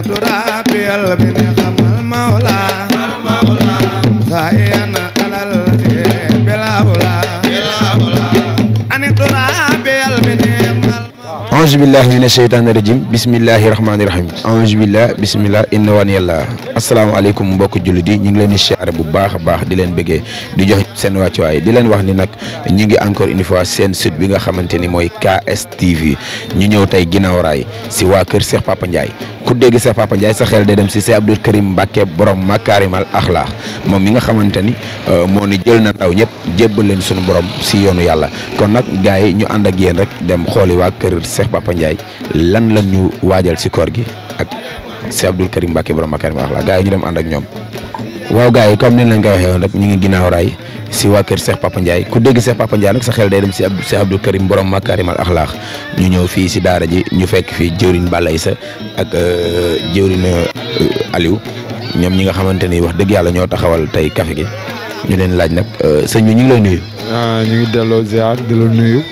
ترابي aousubillah mina sheytaani rajim bisimillahi rahmaani rahim aousubillah bisimillah inna waan yàlla asalaamaaleykum mbokk jullit yi ñu ngi leen di siyaare bu baax a baax di leen bëggee di jox seen wàccuwaay di leen wax ni nag ñu ngi encore une fois seen site bi nga xamante ni mooy KS TV ñu ñëw tey ginnaaw raay si waa kër Cheikh Papa Ndiaye ku dégg sa papa Ndiaye sa xel day dem si Cheikh Abdou Karim Mbacke borom makaarimal axlaax moom mi nga xamante ni euh, moo ni jël na ndaw ñëpp jébbal leen sunu borom si yoonu yàlla kon nag gars yi ñu àndak ak rek dem xooli waa kër Cheikh Papa Ndiaye lan la ñu waajal si koor gi ak Cheikh Abdou Karim Mbacke borom makaarimal axlaax gaay yi ñu dem ànd ak ñoom waaw gars yi comme ni leen ko waxee woon rek ñu ngi ginnaaw raay si waa kër Cheikh Papa Ndiaye ku dégg Cheikh Papa nag sa xel day dem si Abdou Cheikh Abdou Karim borom Makarimal Akhlaq ñu ñëw fii si daara ji ñu fekk fii jëwriñ balay sa ak euh, jëwriñ euh, Aliou ñoom ñi nga xamante ni wax dëgg yàlla ñoo taxawal tey café gi ñu leen laaj nag euh, sëñ bi ñu ngi lay nuyu. Ah, ñu ngi delloo ziar di nuyu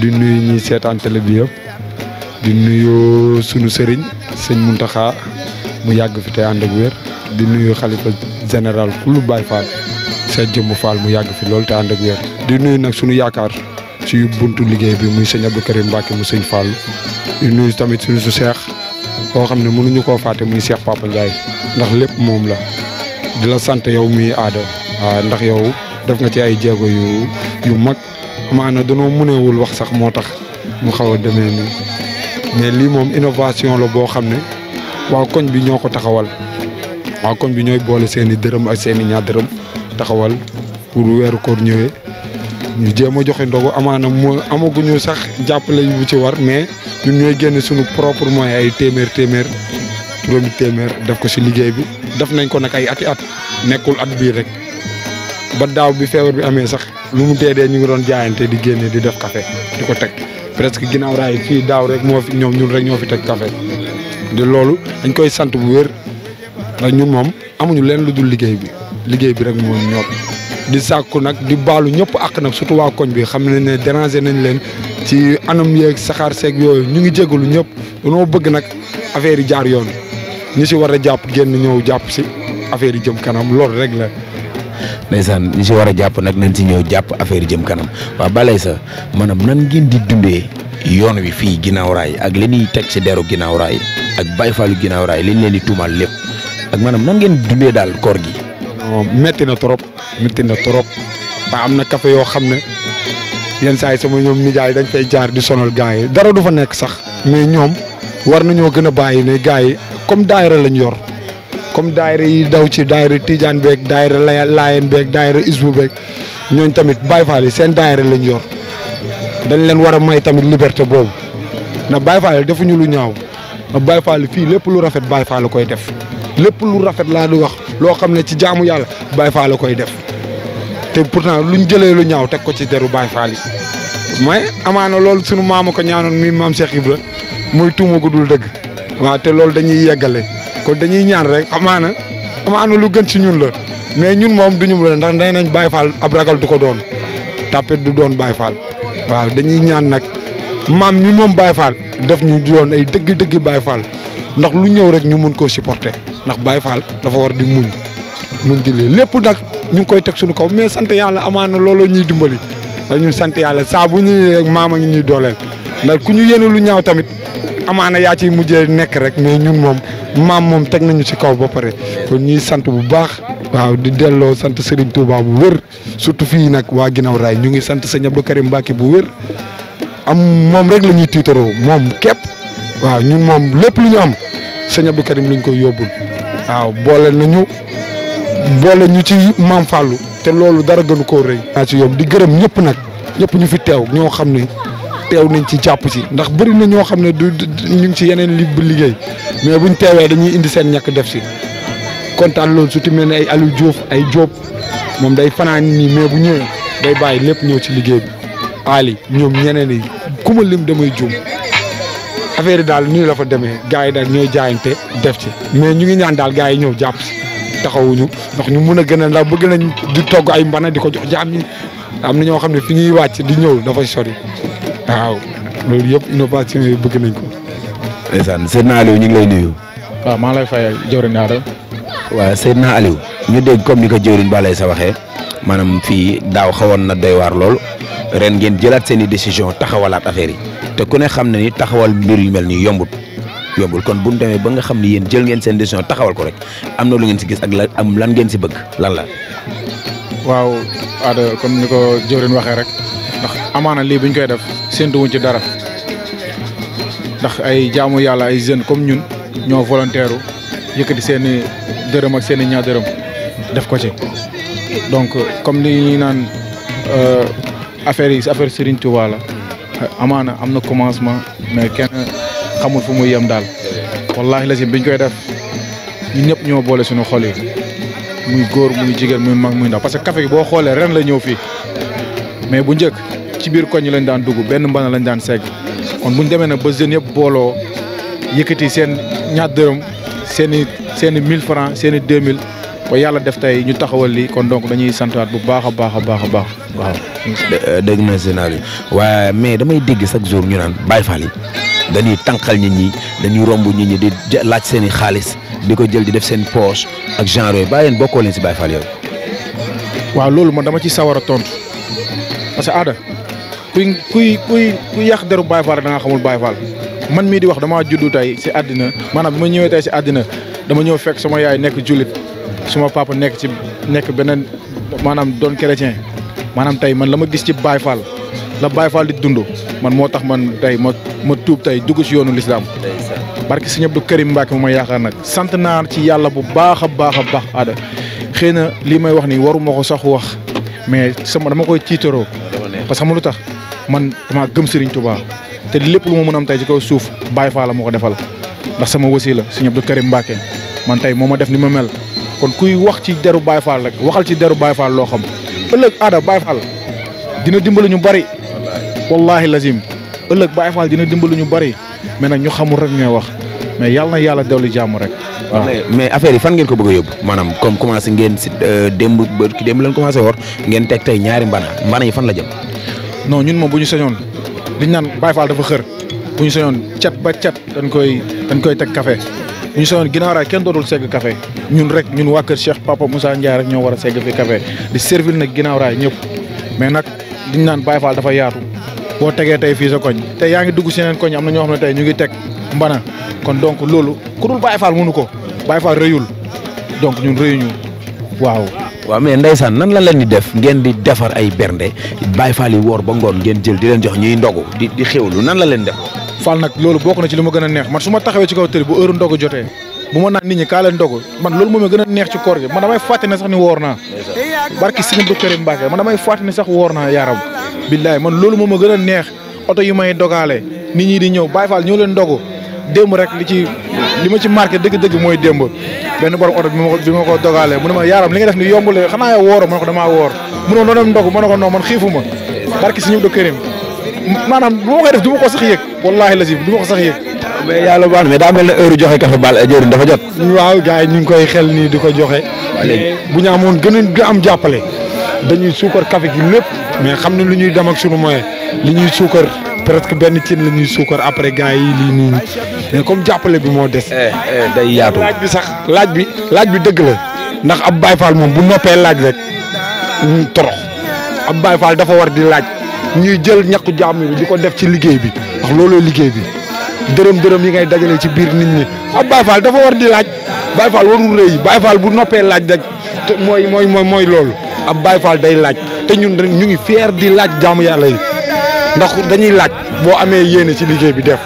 di nuyu ñi seetaan télé di nuyu sunu sëriñ sëñ taxa mu yàgg fi te ànd ak wér di nuyu xalifa général kullu Baye Fall. Cheikh Jëmbu Fall mu yàgg fi loolu te ànd ak wér di nuy nag suñu yaakaar ci yu buntu liggéey bi muy sëñ Abdou Karim Mbacke mu sëñ Fall di nuyu tamit suñu su seex koo xam ne mënuñu koo fàtte muy Cheikh Papa Ndiaye ndax lépp moom la di la sant yow muy aada ndax yow def nga ci ay jéego yu yu mag amaana danoo mëneewul wax sax moo tax mu xaw a demee nii mais lii moom innovation la boo xam ne waa koñ bi ñoo ko taxawal waa koñ bi ñooy boole seen i dërëm ak seeni i ñaar dërëm taxawal pour weeru koor ñëwee ñu jéem a joxe ndogu amaana moo ñu sax jàppale bu ci war mais ñun ñooy génne suñu propre moyen ay téeméer téeméer juróomi téeméer def ko si liggéey bi. def nañ ko nag ay ati at nekkul at bii rek ba daaw bi feebar bi amee sax lu mu dee dee ñu ngi doon jaayante di génne di def café di ko teg presque ginnaaw raay fii daaw rek moo fi ñoom ñun rek ñoo fi teg café di loolu dañ koy sant bu wér ndax ñun moom amuñu leen lu dul liggéey bi. liggéey bi rek moom ñor di sàkku nag di baalu ñëpp ak nag surtout waa koñ bi xam ne ne déranger nañ leen ci anam yéeg saxaar seeg yooyu ñu ngi jégalu ñëpp dañoo bëgg nag affaire yi jaar yoon ñu si war a jàpp génn ñëw jàpp si affaire yi jëm kanam loolu rek la. ndeysaan ñu si war a jàpp nag nañ si ñëw jàpp affaire yi jëm kanam waaw balay sax maanaam nan ngeen di dundee yoon wi fii ginnaaw raay ak li ñuy teg si deru ginnaaw raay ak bayfaalu ginnaaw raay li ñu leen di tuumaal lépp ak maanaam nan ngeen dundee daal koor gi. metti na trop metti na trop ba am na café yoo xam ne yenn saa yi sama ñoom nijaay dañ fay jaar di sonal gars yi dara du fa nekk sax mais ñoom war nañoo gën a bàyyi ne gars yi comme daayira lañu yor comme daayira yi daw ci daayira Tijaan beeg daayira Laayeen beeg daayira Isbu beeg ñooñ tamit Baay Faal yi seen daayira lañ yor dañ leen war a may tamit liberté boobu na Baay Faal yi defuñu lu ñaaw na Baay Faal fii lépp lu rafet Baay Faal koy def lépp lu rafet laa di wax loo xam ne ci jaamu yàlla Baye Fall la koy def te pourtant luñ jëlee lu ñaaw teg ko ci deru Baye Fall yi mais amaana loolu sunu maama ko ñaanoon muy maam Cheikh Ibra muy tuuma gu dul dëgg waaw te loolu dañuy yeggale kon dañuy ñaan rek amaana amaana lu gën ci ñun la mais ñun moom duñu ñu ndax nee nañ Baye Fall ab ragal du ko doon tapet du doon Baye Fall waaw dañuy ñaan nag maam ñi moom Baye Fall def ñu doon ay dëgg-dëgg Baye Fall ndax lu ñëw rek ñu mun koo supporter. ndax baay Baye Fall dafa war di muñ muñ ci lii lépp nag ñu ngi koy teg suñu kaw mais sant yàlla amaana looloo ñuy dumbali da ñun sant yàlla saa bu ñu rek maama ñu ñuy dooleel ndax ku ñu yéene lu ñaaw tamit amaana yaa ciy mujjee nekk rek mais ñun moom maam moom teg nañu si kaw ba pare kon ñuy sant bu baax waaw di delloo sant Serigne Touba bu wër surtout fii nag waa ginnaaw raay ñu ngi sant sëñ Abdou Karim Mbacke bu wër am moom rek la ñuy tiitaroo moom képp waaw ñun moom lépp lu ñu am sëñ Abdou Karim lañ koy yóbbul waaw boole nañu boole ñu ci maam Fallou te loolu dara gënu koo rëy. naa ci yomb di gërëm ñëpp nag ñëpp ñu fi teew ñoo xam ne teew nañ ci jàpp si ndax bëri na ñoo xam ne du ñu ci yeneen li bu liggéey mais buñ teewee dañuy indi seen ñàkk def si kontaan loolu su ti mel ne ay Aliou Diouf ay Diop moom day fanaan nii mais bu ñëwee day bàyyi lépp ñëw ci liggéey bi Ali ñoom ñeneen yi ku ma lim damay juum. affaire yi daal nii la fa demee gars yi daal ñooy jaayante def ci mais ñu ngi ñaan daal gars yi ñëw jàpp si taxawuñu ndax ñu mun a gën a ndax bëgg nañ di togg ay mbana di ko jox jaam ñi am na ñoo xam ne fi ñuy wàcc di ñëw dafa sori waaw loolu yëpp innovation yi bëgg nañ ko. ndeysaan Seydina Aliou ñu ngi lay nuyu. waaw maa lay fay jëwriñ Adama. waaw Seydina Aliou ñu dégg comme ni ko jëwriñ ba lay sa waxee maanaam fii daaw xawoon na doy waar lool ren ngeen jëlaat seen i décision taxawalaat affaire yi. te ku ne xam ne ni taxawal mbir yu mel nii yombul yombul kon bu ñu demee ba nga xam ne yéen jël ngeen seen décision taxawal ko rek am na lu ngeen si gis ak la am lan ngeen si bëgg lan la. waaw Ada comme ni ko jëwrin waxee rek ndax amaana lii bu koy def séntu wuñ ci dara ndax ay jaamu yàlla ay jeunes comme ñun ñoo volontaire yëkkati seen i dërëm ak seen i ñaar dërëm def ko ci donc comme li ñuy naan euh, affaire yi affaire Serigne Touba la. amaana am na commencement mais kenn xamul fu muy yem daal wallaahi la si biñ koy def ñun ñëpp ñoo boole suñu xol yi muy góor muy jigéen muy mag muy ndaw parce que café gi boo xoolee ren la ñëw fii mais bu njëkk ci biir koñ lañ daan dugg benn mbana lañ daan segg kon buñ demee nag ba jeunes yëpp booloo yëkkati seen ñaar dërëm seen i seen i mille francs seen mille yàlla def tey ñu taxawal lii kon donc dañuy santaat bu baax a baax a baax a baax waaw dégg naa journal yi mais damay dégg chaque jour ñu naan Baye Fall yi dañuy tànqal nit ñi dañuy romb nit ñi di laaj seen i xaalis di ko jël di def seen poos ak genre yi bàyyi leen bokkoo leen si bay Fall yow. waaw loolu ma dama ci sawar a tontu parce que aada kuy kuy kuy kuy yàq deru Baye Fall da xamul Baye Fall man mii di wax damaa juddu tey si àddina maanaam bi ma ñëwee tey si àddina dama ñëw fekk sama yaay nekk jullit suma papa nekk ci nekk beneen maanaam doon chrétien. maanaam tey man la ma gis ci baay Fall la Baye Fall di dundoo man moo tax man tey ma ma tuub tey dugg si yoonu lislaam barke sëñ Abdou Karim Mbacke mu ma yaakaar nag sant naa ci yàlla bu baax a baax a baax aada xëy na lii may wax nii waruma ko sax wax mais sama dama koy tiitaroo parce que xam lu tax man dama gëm Serigne Touba te lépp lu ma mën am tey ci kaw suuf baay Fall la ma ko defal ndax sama wasi la sëñ Abdou Karim Mbacke man tey moo ma def ni ma mel kon kuy wax ci deru Baye Fall waxal ci deru Baye Fall ëllëg aada Baye Fall dina dimbali ñu bari wallahi lazim ëllëg Baye Fall dina dimbali ñu bari mais nag ñu xamul rek ñooy wax mais yàlla na yàlla dolli jàmm rek. waaw mais affaire yi fan ngeen ko bëgg yóbbu maanaam comme commencé ngeen si euh, démb ba ki démb leen commencé wor ngeen teg tey ñaari mbana mbana yi fan la jëm. non ñun moom bu ñu señoon liñ naan Baye Fall dafa xër bu ñu sañoon cet ba cet dañ koy dañ koy teg kafe bu ñu soxla ginnaaw raay kenn dootul segg café ñun rek ñun waa kër Cheikh Papa Moussa Ndiaye rek ñoo war a segg fi café di servir nag ginnaaw ñëpp mais nag liñ naan Baye Fall dafa yaatu boo tegee tey fii sa koñ tey yaa ngi dugg seneen koñ am na ñoo xam ne tey ñu ngi teg mbana kon donc loolu ku dul Baye Fall mënu ko Baye Fall rëyul donc ñun rëyuñu waaw. waaw mais ndeysaan nan la leen di def ngeen di defar ay bernde Baye Fall yi woor ba ngoon ngeen jël di leen jox ñuy ndogu di di nan la leen def. Fall nag loolu bokk na ci li ma gën a neex man su ma taxawee ci kaw tëri bu heure ndogu jotee bu ma naan nit ñi kaa leen ndogu man loolu moom a neex ci koor ne sax ni woor naa barki Sëñ Abdou Karim Mbacke man damay fàtte sax woor naa yaaram billaay man loolu moom la gën a neex oto yi may dogaale nit ñi di ñëw Baye Fall ñoo leen ndogu démb rek li ci li ma ci marqué dëgg-dëgg mooy démb benn borom oto bi ma ko bi ma ko dogalee mu ne ma yaaram li nga def ni yombule xanaa yow wooroo ma ne ko damaa woor mu ne ma doon ndogu ma ne ko non man xiifu ma barki Sëñ Abdou Karim maanaam bu ma koy def du ma ko sax yëg la si du ko sax yëg. mais yàlla baax mais daa mel ne heure joxe café bal eh, jëriñ dafa jot. waaw gars yi ñu ngi koy xel nii di ko joxe. bu ñu amoon gën a am jàppale dañuy suukar café gi lépp mais xam ne lu ñuy dem ak sunu moyen li ñuy suukar presque benn cin la ñuy suukar après gars yi lii nii mais comme jàppale bi moo des. Eh, eh, day yaatu laaj bi sax laaj bi laaj bi dëgg la ndax ab Baye Fall moom bu noppee laaj rek torox ab Baye Fall dafa war di laaj. ñuy jël ñàkku jàmm bi di ko def ci liggéey bi ndax looloo liggéey bi dërëm dërëm yi ngay dajale ci biir nit ñi ab Baye Fall dafa war di laaj Baye Fall warul rëy Baye Fall bu noppee laaj rek te mooy mooy mooy loolu ab Baye Fall day laaj te ñun ñu ngi fier di laaj jaamu yàlla yi ndax dañuy laaj boo amee yéene ci liggéey bi def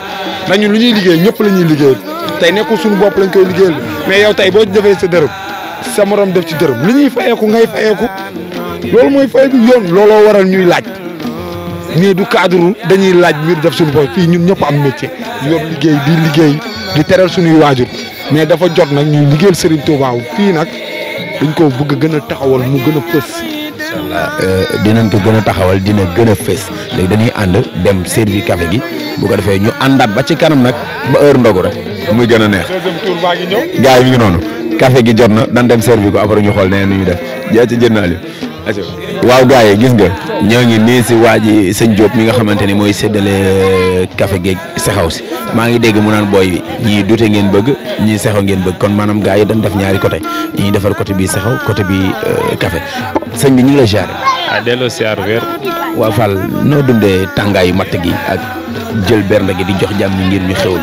ndax ñun lu ñuy liggéey ñëpp la ñuy liggéey tey nekkul suñu bopp lañ koy liggéeyal mais yow tey boo defee sa dërëm sa morom def ci dërëm li ñuy fayeeku ngay mooy looloo waral ñuy laaj. nii du cadre dañuy laaj mbir def suñu bopp fii ñun ñëpp am métier yor liggéey di liggéey di teral suñuy waajur mais dafa jot nag ñuy liggéeyal Serigne Touba fii nag dañ ko bëgg gën a taxawal mu gën a fës. incha allah euh, dinañ ko gën a taxawal dina gën a fës léegi dañuy ànd dem servi café gi bu ko defee ñu àndaat ba ci kanam nag ba heure ndogu rek muy gën a neex. deuxième yi mi noonu. café gi jot na dañ dem servi ko après ñu xool nee na ñuy def jaa ci jënd waaw gars yi gis nga ñoo ngi nii si waa ji sëñ Diop mi nga xamante ni mooy séddale kafe géej sexew si maa ngi dégg mu naan booy ñii dute ngeen bëgg ñii saxaw ngeen bëgg kon maanaam gars yi dañ def ñaari côté ñii defal côté bi saxaw côté bi kafe euh, sëñ bi ñu ngi la ziar. ah delloo ziar weer. waa Fall noo dundee tàngaayu matt gi ak jël bernde gi di jox jàmm ngir ñu xewlu.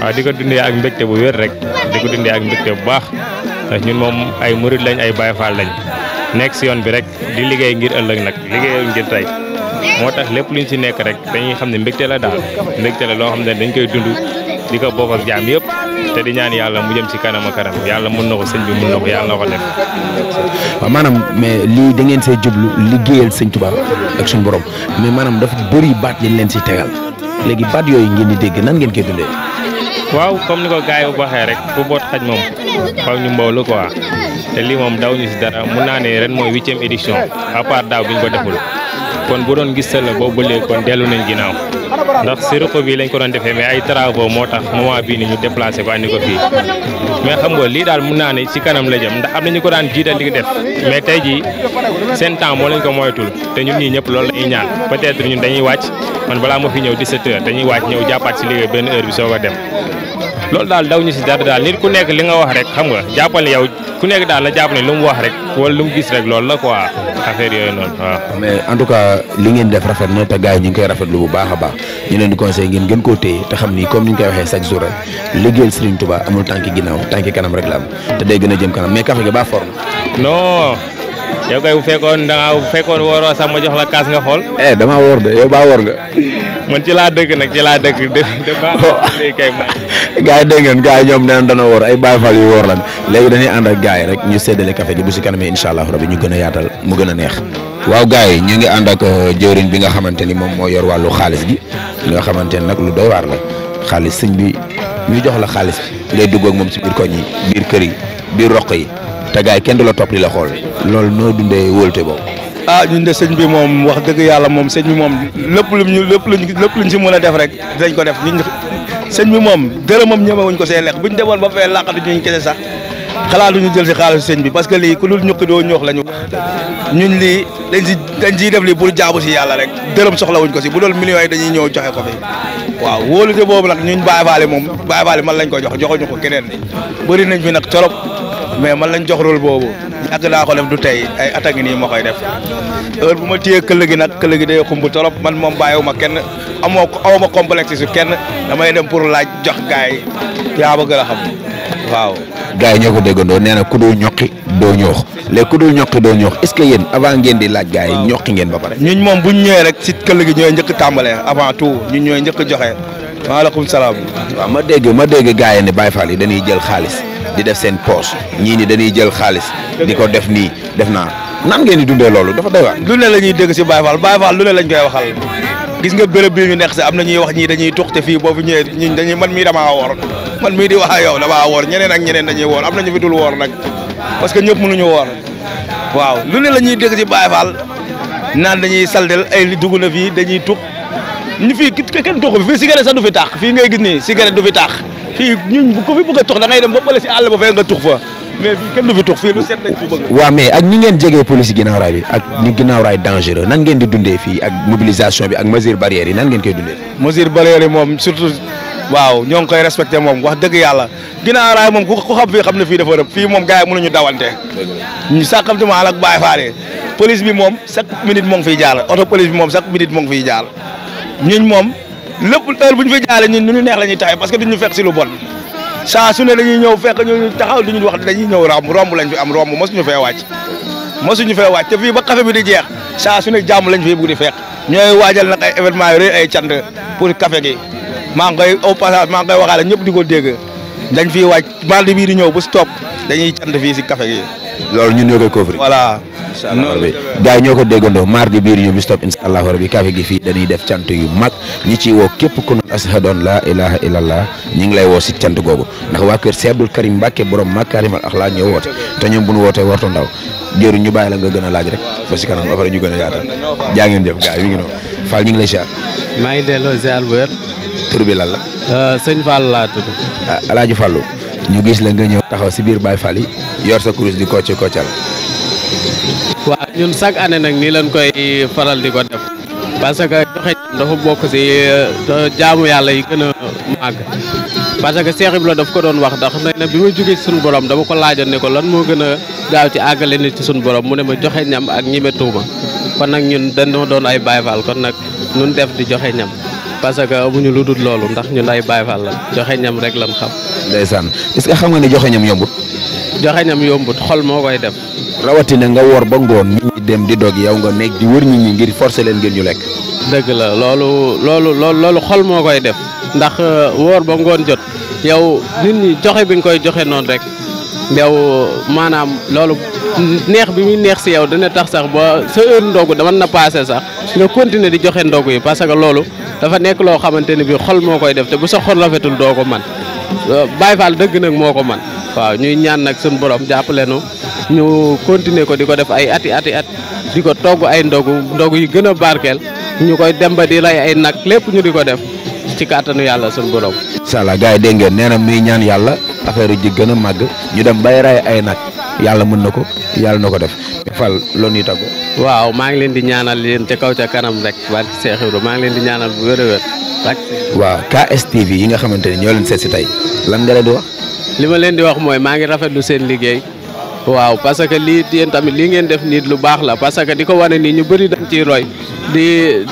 waaw ah, di ko dundee ak mbégte bu wér rek di ko dundee ak mbégte bu baax ndax ñun moom ay murid lañ ay Baay lañ. nekk si yoon bi rek di liggéey ngir ëllëg nag liggéey ngir tey moo tax lépp luñ si nekk rek dañuy xam ne mbégte la daal mbégte la loo xam ne dañ koy dund di ko bokk ak jaam yëpp te di ñaan yàlla mu jëm ci kanam ak yàlla mun na ko sëñ bi mun na ko yàlla na ko def. waaw maanaam mais lii da ngeen see jublu liggéeyal sëñ Tuubaa ak suñu borom mais maanaam dafa bëri baat yi leen si tegal léegi baat yooyu ngeen di dégg nan ngeen koy dundee. waaw comme ni ko waxee rek fu boot xaj moom xaw ñu mboolu te lii moom daw ñu si dara mun naa ne ren mooy huitième édition à part daaw bi ñu ko deful kon bu doon gis la boobu ba léegi kon dellu nañ ginnaaw ndax si ruq bi lañ ko doon defee mais ay travaux moo tax moment bii ni ñu déplacé ko andi ko fii mais xam nga lii daal mun naa ne si kanam la jëm ndax am na ñu ko daan jiital di def mais tey jii seen temps moo lañ ko moytul te ñun ñii ñëpp loolu lañuy ñaan peut-être ñun dañuy wàcc kon balaa ma fi ñëw 17 heures dañuy wàcc ñëw jàppaat si liggéey benn heure bi dem loolu daal daw ñu si dara daal nit ku nekk li nga wax rek xam nga jàppal ne yow ku nekk daal la jàpp ne lu wax rek wala lu mu gis rek loolu la quoi affaire yooyu noonu waaw. Ah. mais en tout cas li ngeen def rafet na te gars yi ñu ngi koy rafetlu bu baax a baax ñu leen di conseil ngeen gën koo téye te xam ni comme ni ñu koy waxee chaque jour rek liggéeyal Serigne Touba amul tànki ginnaaw tànki kanam rek la am te day gën a jëm kanam mais café gi baa forme non yow kay bu fekkoon da nga bu fekkoon wooroo sax ma jox la kaas nga xool. eh dama woor de yow baa woor nga. man ci laa dëkk nag ci laa dëkk de de baax kay ma. ñoom nee nañ dana woor ay Baye yu woor lan léegi dañuy ànd ak gars yi rek ñu séddale kafe gi bu si kanamee incha allah rabi ñu gën a yaatal mu gën a neex. waaw gars yi ñu ngi ànd ak euh, jëwriñ bi nga xamante ni moom moo yor wàllu xaalis gi nga xamante ni nag lu doy waar la xaalis sëñ bi ñu jox la xaalis ngay dugg ak moom si biir koñ yi biir kër yi biir roq yi te gars yi kenn du la topp di la xool noo dundee wóolute boobu. ah ñun de sëñ bi moom wax dëgg yàlla moom señ bi moom lépp lu ñu lépp luñ lépp luñ si mën a def rek dinañ ko def ñun sëñ bi moom dërëmam ñemewuñ ko see lekk buñ demoon ba fee làqatu ñuñ kese sax xalaatu ñu jël si xaalisu sëñ bi parce que lii ku dul ñukki doo ñoox la ñu ñun lii dañ si dañ siy def lii pour jaabu si yàlla rek dërëm wuñ ko si bu doon million yi dañuy ñëw joxe ko fi waaw wóolute boobu nag ñun Baye Fall moom Baye Fall man lañ ko jox joxuñu ko keneen bëri nañ mais man lañ jox rôle boobu yàgg naa ko def du tey ay at a ngi nii ma koy def heure bu ma téyee këll gi nag këll gi day xumb torop man moom bàyyiwuma kenn amoo aw ma complexe kenn damay dem pour laaj jox gars yi yaa ma a xam waaw. gars yi ñoo ko déggandoo nee na ku dul ñoqi doo ñoox léegi ku dul ñoqi doo ñoox est-ce que yéen avant ngeen di laaj gars yi ñoqi ngeen ba pare. ñun moom bu ñu ñëwee rek si këll gi ñooy njëkk tàmbalee avant tout ñun ñëwee njëkk joxe maaleykum salaam. waaw ma dégg ma dégg gars yi ne Baye Fall yi dañuy jël xaalis. di def seen poche ñii ni dañuy jël xaalis di ko def nii def naa nan ngeen di dundee loolu dafa doy waar. lu ne la ñuy dégg si Baye Fall Baye Fall lu ne lañ koy si am na ñuy wax ñii dañuy tuxte fii boo fi ñëwee ñun dañuy man ñeneen ak ñeneen dañuy woor am na ñu fi dul woor nag parce que ñëpp mënuñu woor waaw lu ne la ñuy dégg si Baye Fall naan dañuy saldel ay dugg na fii dañuy tux ñu kenn tuxu fii cigarette sax du fi taax fii ngay gis nii cigarette du fi taax fii ñun bu ko fi bëgg a tux dem ba bële si àll ba fee nga tux fa mais fii kenn du fi tux fi bëgg. waaw mais ak ñi ngeen jegee police ginnaaw raay ak ñi ginnaaw raay dangereux nan ngeen di dundee fii ak mobilisation bi ak mesure barrière yi nan ngeen koy dundee. mesure barrière yi moom surtout waaw ñoo ngi koy respecté moom wax dëgg yàlla ginnaaw raay moom ku xam fii xam ne fii dafa rëb fii moom gars yi mënuñu dawante. ñu sàkkamti maal ak bàyyi faale police bi moom chaque minute moo ngi fiy jàll oto police bi moom chaque minute moo ngi fiy jàll ñun moom lépp heure bu ñu fi jaaree ñu neex la ñuy taxee parce que duñu fekk si lu bon saa su ne dañuy ñëw fekk ñu taxaw duñu wax dañuy ñëw romb romb lañ fi am romb mosuñu fee wàcc mosuñu fee wàcc te fii ba café bi di jeex saa su ne jàmm lañ fii bëgg di fekk ñooy waajal nag ay événement yu ay cand pour café gi maa ngi koy au passage maa ngi waxaale ñëpp di ko dégg dañ fiy wàcc mardi bii di ñëw ba stop dañuy cant fii si café gi loolu ñun ñoo koy couvrir. voilà incha allah rabi gars yi ñoo ko déggandoo mardi biir ñu bi stop incha allahu rabi café gi fii dañuy def cant yu mag ñi ciy woo képp ku ne ashadoon laa la illallah ñi ngi lay woo si cant googu ndax waa kër Cheikh Abdoul Karim Mbacke borom makaarimal axlaa ñoo woote te ñoom bu ñu wootee wartu ndaw jëru ñu bàyyi la nga gën a laaj rek ba si kanam après ñu gën a yaatal jaa ngeen jëf gars yi mi ngi noonu Fall ñu ngi lay ziar. maa ngi delloo ziar bu wér. tur bi la. Euh, sëñ Fall laa tudd. ah ñu gis la nga ñëw taxaw si biir Baye Fall yi yor sa kurus di kocc koccal waaw ñun chaque année nag nii lañ koy faral di ko def parce que joxe ñam dafa bokk si euh, jaamu yàlla yi gën a parce que Cheikh Ibra daf ko doon wax ndax nee na bi ma jógee ci suñu borom dama ko laajoon ne ko lan moo gën a gaaw ci àggale nit ci suñu borom mu ne ma joxe ñam ak ñime tuuma kon nag ñun dañoo doon ay Baye Fall kon nag ñun def di joxe ñam parce que ñu lu dul loolu ndax ñun ay Baay Faal la joxe ñam rek lan xam. ndeysaan est-ce que xam nga ni joxe ñam yombut. joxe ñam yombut xol moo koy def. rawatina nga woor ba ngoon. nit ñi dem di dog yow nga nekk di wër nit ñi ngir forcer leen ngeen ñu lekk. dëgg la loolu loolu loolu loolu xol moo koy def. ndax euh, woor ba ngoon jot yow nit ñi joxe bi nga koy joxe noonu rek. yow maanaam loolu neex bi muy neex si yow dana tax sax ba sa heure ndogu dama na passé sax nga continuer di joxe ndogu yi parce que loolu dafa nekk loo xamante ni bi xol moo koy def te bu sa xol rafetul doo ko man Baye Fall dëgg nag moo ko man waaw ñuy ñaan nag suñu borom jàppale nu ñu continuer ko di ko def ay ati ati at di ko togg ay ndogu ndogu yi gën a barkeel ñu koy dem ba di lay ay nag lépp ñu di ko def ci kàttanu yàlla suñu borom. incha allah yi dégg ngeen nee na ñaan yàlla. affaire yi ji gën a màgg ñu dem bay ray ay nag yàlla mën na ko yàlla na ko def fal loolu ñuy tàggoo waaw maa ngi leen di ñaanal yéen ca kaw ca kanam rek barke Cheikh maa ngi leen di ñaanal bu wér a wér waaw KSTV yi nga xamante ne ñoo leen seet si tey lan nga leen di wax li ma leen di wax mooy maa ngi rafet lu seen liggéey waaw parce que lii yéen tamit lii ngeen def nit lu baax la parce que di ko wane nii ñu bëri dañ ciy roy di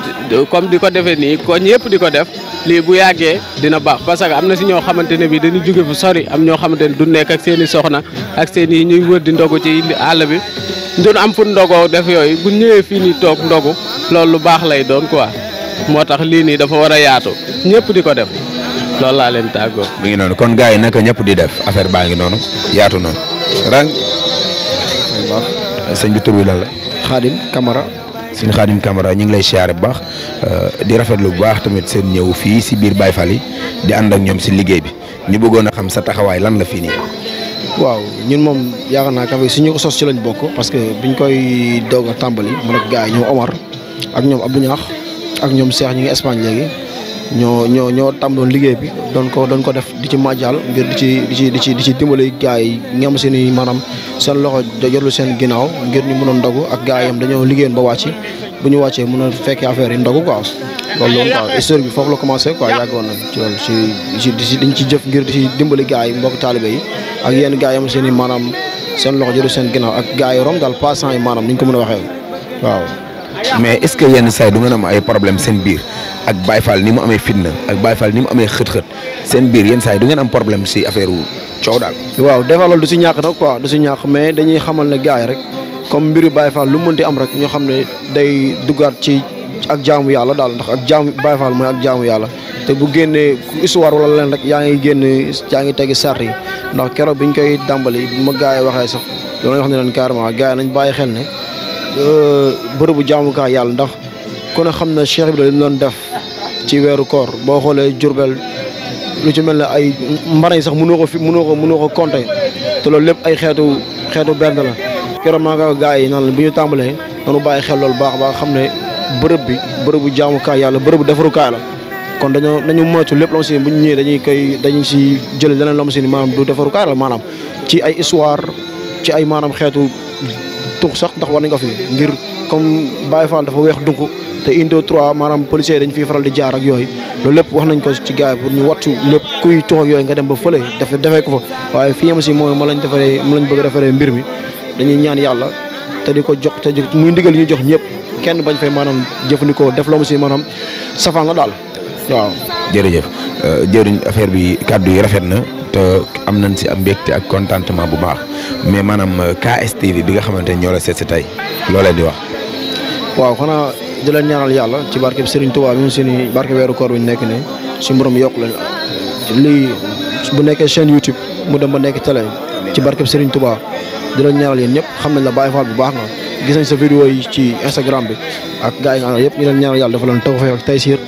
comme di ko defee nii ko ñëpp di ko def lii bu yàggee dina baax parce que am na si ñoo xamante ne bi dañu jóge fu sori am ñoo xamante ne du nekk ak seeni i soxna ak seen i ñuy wër di ndogu ci àll bi duñ am fu ndogoo def yooyu bu ñëwee fii nii toog ndogu loolu lu baax lay doon quoi moo tax lii nii dafa war a yaatu ñëpp di ko def loolu laa leen tàggoo. mi ngi noonu kon gars yi naka ñëpp di def affaire baa ngi noonu yaatu noonu sëñ bi tur wi lan la. Xaadim Camara. sëñ Xaadim Camara ñu ngi lay siyaare bu baax euh, di rafet bu baax tamit seen ñëw fii si biir Baye Fall yi di ànd ak ñoom si liggéey bi ñu bëggoon a xam sa taxawaay lan la fii nii. waaw ñun moom yaakaar naa café suñu ñu ko sos ci lañ bokk parce que biñ koy doog a tàmbali mu nekk gars yi ñoom Omar ak ñoom Abdou Ñaax ak ñoom seex ñu ngi Espagne léegi. ñoo ñoo ñoo tam doon liggéey bi doon ko doon ko def di ci màjjal ngir di ci di ci di ci di ci dimbali gars yi nga xam seen i maanaam seen loxo jotul seen ginnaaw ngir ñu mënoon ndogu ak gars yam dañoo liggéeyoon ba wàcc bu ñu wàccee mën a fekkee affaire yi ndogu quoi loolu loolu quoi histoire bi na dañ ci jëf ngir ci dimbali gars yi mbokk taalibe ak yenn gars yam seen i seen loxo jotul seen ginnaaw ak gars yi rom daal passant yi maanaam ni ñu ko mën a waxee waaw mais est-ce que yenn saa du ngeen ay problème seen biir ak Baye Fall ni mu amee fitna ak Baye Fall ni mu amee xët-xët seen biir yenn saa yi du ngeen am problème si affaire coow daal. waaw des fois du si ñàkk nag quoi du si ñàkk mais dañuy xamal ne gars yi rek comme mbiru Baye Fall lu mënti am rek ñoo xam ne day duggaat ci ak jaamu yàlla daal ndax ak jaamu Baye Fall mooy ak jaamu yàlla. te bu génnee histoire wala leen rek yaa ngi génn yaa ngi tegi sart yi ndax keroog biñ koy dàmbali bi ma gars yi waxee sax loolu wax ne leen carrément gars yi bàyyi xel ne euh, bërëbu jaamukaay yàlla ndax. ku xam na Cheikh Ibrahima li doon def ci weeru koor boo xoolee Jurbel lu ci mel ne ay mbana yi sax mënoo ko fi mënoo ko mënoo ko compter te loolu lépp ay xeetu xeetu benn la keroog maa ngi gaa yi naan la bu ñu tàmbalee nanu bàyyi xel loolu baax baax xam ne bërëb bi bërëbu jaamukaay yàlla bërëbu defarukaay la kon dañoo dañu moytu lépp loo xam ñëwee dañuy koy dañu si jëlee leneen loo xam ne maanaam du defarukaay la maanaam ci ay histoire ci ay maanaam xeetu tux sax ndax war nañ ko fi ngir dafa weex dugg te Unité trois maanaam policiers yi dañ fiy faral di jaar ak yooyu loolu lépp wax nañ ko ci gaa yi pour ñu wattu lépp kuy tox ak yooyu nga dem ba fële def defee ko fa waaye fii si mooy ma lañ defaree ma lañ bëgg a mi dañuy ñaan yàlla te di ko jox te muy ndigal ñu jox ñëpp kenn bañ fay maanaam jëfandikoo def la mu si maanaam safaan la daal waaw. jërëjëf euh, jëriñ affaire bi kàddu yi rafet na te am nañ si am mbégte ak contentement bu baax mais maanaam euh, KSTV bi nga xamante ne ñoo la seet si tey loo leen di wax. waaw xanaa di leen ñaanal yàlla ci barke Serigne Touba mi suñu barke weeru koor bi nekk nii suñu borom yokk la lii bu nekkee chaîne YouTube mu dem ba nekk télé ci barkeb Serigne Touba di leen ñaanal yéen ñëpp xam nañ la baay Fall bu baax na gis nañ sa vidéo yi ci Instagram bi ak gars yi nga yëpp ñu leen ñaanal yàlla dafa leen tawfeex ak taysiir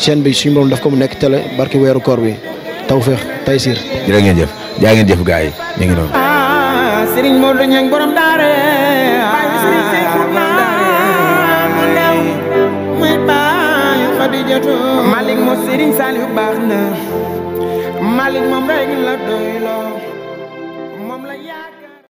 chaîne bi suñu borom daf ko mu nekk télé barke weeru koor bi tawfeex taysiir. jërë ngeen jëf jaa ngeen jëf gars yi ñu ngi noonu. Malik mo Serigne Saliou baax na Malik moom rek la doy loo